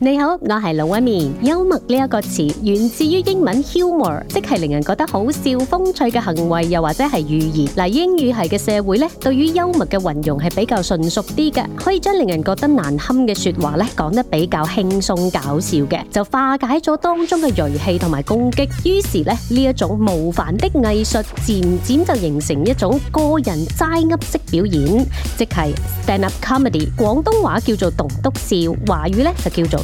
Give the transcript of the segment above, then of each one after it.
你好，我係龍紋敏。幽默呢一個詞源自於英文 humor，即係令人覺得好笑、風趣嘅行為，又或者係語言。英語系嘅社會咧，對於幽默嘅運用係比較純熟啲嘅，可以將令人覺得難堪嘅說話咧，講得比較輕鬆搞笑嘅，就化解咗當中嘅銳氣同埋攻擊。於是咧，呢一種冒犯的藝術，漸漸就形成一種個人齋噏式表演，即係 stand up comedy。廣東話叫做棟篤笑，華語呢就叫做。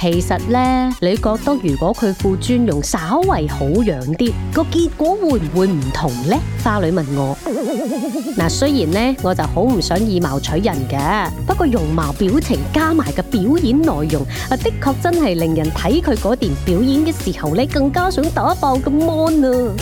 其實呢，你覺得如果佢副尊容稍為好樣啲，個結果會唔會唔同呢？花女問我，嗱，雖然呢我就好唔想以貌取人嘅，不過容貌、表情加埋個表演內容啊，的確真係令人睇佢嗰段表演嘅時候呢，更加想打爆個 mon 啊！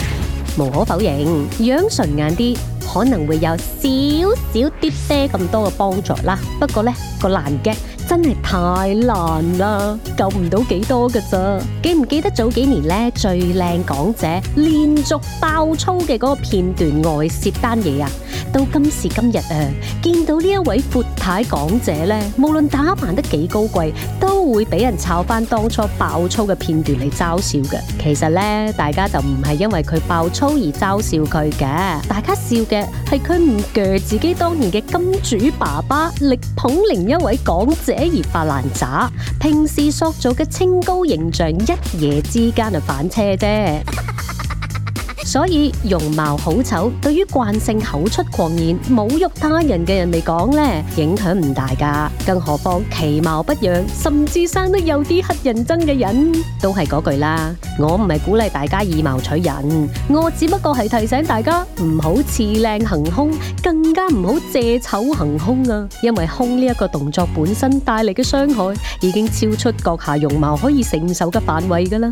無可否認，樣順眼啲可能會有少少啲啲咁多嘅幫助啦，不過呢個爛 gag，真係太難啦，救唔到幾多噶咋？記唔記得早幾年呢？最靚港姐連續爆粗嘅嗰個片段外泄單嘢啊？到今時今日啊，見到呢一位闊太港姐咧，無論打扮得幾高貴，都都會俾人炒翻當初爆粗嘅片段嚟嘲笑嘅。其實咧，大家就唔係因為佢爆粗而嘲笑佢嘅，大家笑嘅係佢唔鋸自己當年嘅金主爸爸，力捧另一位港姐而發爛渣，平時塑造嘅清高形象一夜之間就反車啫。所以容貌好醜，對於慣性口出狂言、侮辱他人嘅人嚟講呢，影響唔大噶。更何況其貌不揚，甚至生得有啲黑人憎嘅人都係嗰句啦。我唔係鼓勵大家以貌取人，我只不過係提醒大家唔好恃靚行凶，更加唔好借醜行凶啊！因為凶呢一個動作本身帶嚟嘅傷害，已經超出閣下容貌可以承受嘅範圍噶啦。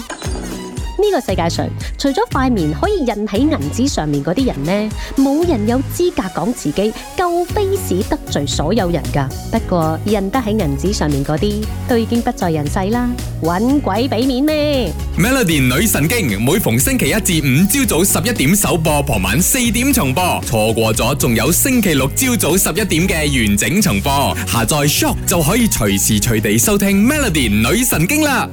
呢個世界上，除咗塊面可以印喺銀紙上面嗰啲人呢，冇人有資格講自己，夠非死得罪所有人噶。不過印得喺銀紙上面嗰啲，都已經不在人世啦，搵鬼俾面咩？Melody 女神經，每逢星期一至五朝早十一點首播，傍晚四點重播，錯過咗仲有星期六朝早十一點嘅完整重播。下載 Syok 就可以隨時隨地收聽 Melody 女神經啦。